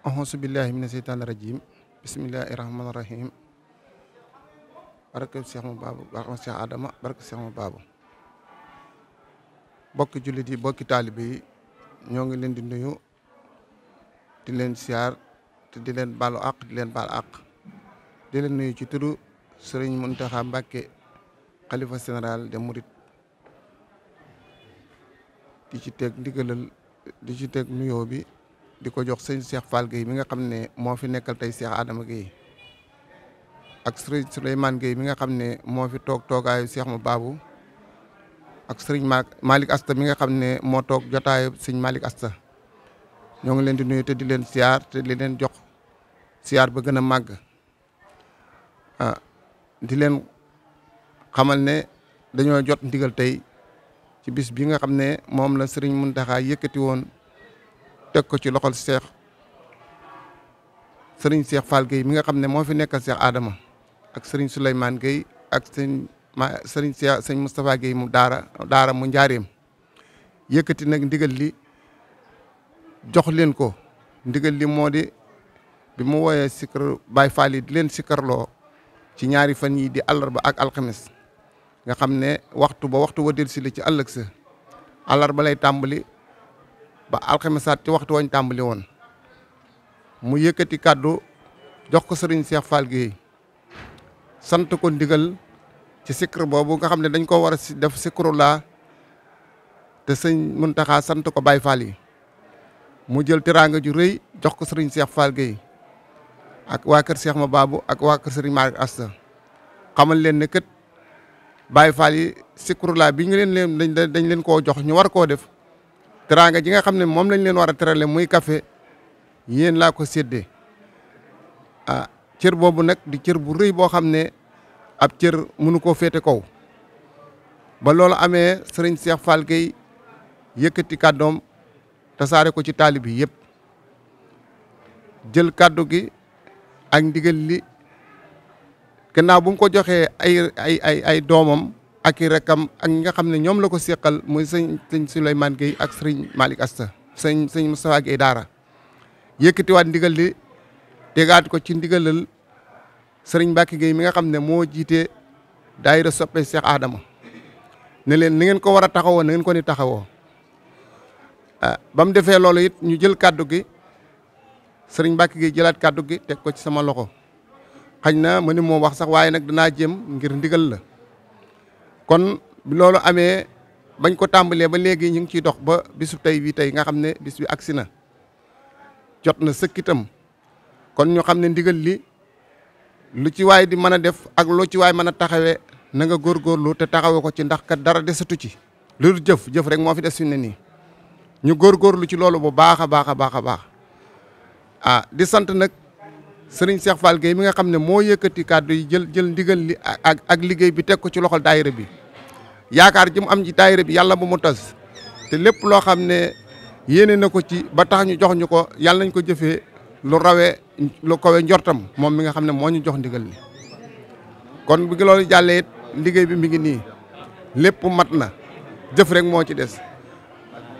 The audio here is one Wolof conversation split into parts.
axusu billahi mina seytaani rajim bismillahi rahmaani rahim barke Cheikh mu baabu barke Cheikh Adama barke Cheikh mu baabu bokki jullit yi bokki taalibe yi ñoo ngi leen di nuyu di leen siyaar te di leen baalu àq di leen baal àq di leen nuyu ci turu sëriñ Muntaxa Mbàkke xalifa général des mourides di ci teg ndigalal di ci teg nuyoo bi di ko jox sëñ Cheikh Fall Gueye mi nga xam ne moo fi nekkal tey Cheikh Adama Gueye ak sëriñ Souleymane Gueye mi nga xam ne moo fi toog toogaayu Cheikh mu baabu ak sëriñ Malick Asta mi nga xam ne moo toog jotaayu sëñ Malick Asta ñoo ngi leen di nuyu te di leen siyaar te di leen jox siyaar ba gën a màgg a ah, di leen xamal ne dañoo jot ndigal tey ci bis bi nga xam ne moom la sëriñ Mountakha yëkkati woon. teg ko ci loxol seek sëriñ seex Fall Gueye mi nga xam ne moo fi nekkal seek Adama ak sëriñ Souleymane Gueye ak sëñ ma sëriñ seex sëñ Moustapha mu daara daara mu njaareem yëkkati nag ndigal li jox leen ko ndigal li moo di bi mu wooyee sikkar Baye Fall yi di leen ci ñaari fan yi di ba ak alxames nga xam ne waxtu ba waxtu wa dellusi la ci ëllëg sa àllarba lay tàmbali ba alxamisaat ci waxtu wañ tàmbali woon mu yëkkati kàddu jox ko sëriñ Cheikh Fall Guèye sant ko ndigal ci sikr boobu nga xam ne dañ koo war a def sikru laa te sëñ taxaa sant ko Baye Fall yi mu jël teraanga ju réy jox ko sëriñ seex Fall Guèye ak waa kër Cheikh ma Babou ak waa kër sëriñ Malick Asta xamal leen ne kët Baye Fall yi sikru laa bi ñu leen leen dañ leen koo jox ñu war koo def teraanga ji nga xam ne moom lañ leen war a terale muy kafe yéen laa ko séddee ah cër boobu nag di cër bu rëy boo xam ne ab cër mënu koo féete kaw ba loolu amee sëriñ Cheikh Fall Gueye yëkkati kàddoom tasaare ko ci taalib yi yëpp jël kàddu gi ak ndiggal li gannaaw bu mu ko joxee ay ay doomam ak i rakam ak nga xam ne ñoom la ko seqal muy sëñ sëñ Souleymane Gueye ak sëñ Malick Asta sëñ sëñ Moustapha Gueye Daara yëkkatiwaat ndigal li tegaat ko ci ndigalal sëriñ Mbacke géey mi nga xam ne moo jiite daayira soppe Cheikh Adama ne leen ni ngeen ko war a taxawoo na ngeen ko ni taxawoo ah ba mu defee loolu it ñu jël kàddu gi sëriñ Mbacke Gueye jëlaat kàddu gi teg ko ci sama loxo xañ na ma ni moo wax sax waaye nag danaa jëm ngir ndigal la. kon loolu amee bañ ko tàmbalee ba léegi ñu ngi ciy dox ba bisu tey bii tey nga xam ne bis bi agsi na jot na sëkkitam kon ñu xam ne ndigal li lu ci waay di mën a def ak loo ci waay mën a taxawee na nga góorlu te taxawe ko ci ndax kat dara desatu ci lu dul jëf jëf rek moo fi des fi ne nii ñu góor góorgóorlu ci loolu bu baax a baax a baax a baax ah di sant nag sëriñ Cheikh Fall Gueye mi nga xam ne moo yëkkati kàddu yi jël jël ndigal li ak ak liggéey bi teg ko ci loxol daayira bi yaakaar ji mu am ci daayira bi yàlla bu mu tas te lépp loo xam ne yéene na ko ci ba tax ñu jox ñu ko yàlla nañ ko jëfee lu rawe lu kawe njortam moom mi nga xam ne moo ñu jox ndigal li kon bu loolu jàllee liggéey bi mi ngi nii lépp mat na jëf rek moo ci des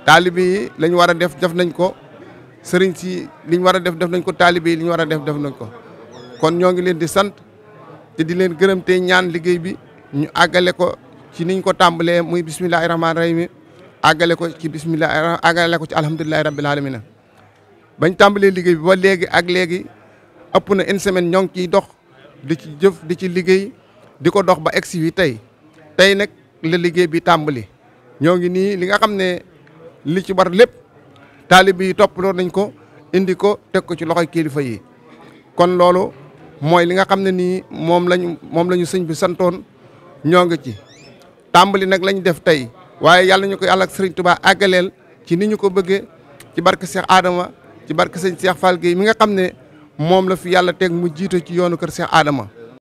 taalibe yi lañu war a def def nañ ko sëriñ si liñ war a def def nañ ko taalibe yi li ñu war a def def nañ ko kon ñoo ngi leen di sant te di leen gërëm te ñaan liggéey bi ñu àggale ko ci niñ ko tambalé muy bismillahir rahmanir rahim agalé ko ci bismillahir agalé ko ci alhamdulilahi rabbil alamin bañ tambalé liggéey bi ba légui ak légui ëpp na une semaine ñong ci dox di ci jëf di ci liggéey di ko dox ba exi wi tay tay nak le liggéey bi tàmbali ñong ni li nga xamné li ci war lepp talib yi lo nañ ko indi ko tek ko ci loxoy kilifa yi kon lolu moy li nga xamné ne mom moom lañ moom la bi santone ñong ci tàmbali nag lañ def tey waaye yàlla ñu ko yàlla ak sëriñ Tuubaa ci ni ñu ko bëggee ci barke Cheikh aadama ci barke sëñ Cheikh Fall Gueye mi nga xam ne moom la fi yàlla teg mu jiite ci yoonu kër Cheikh aadama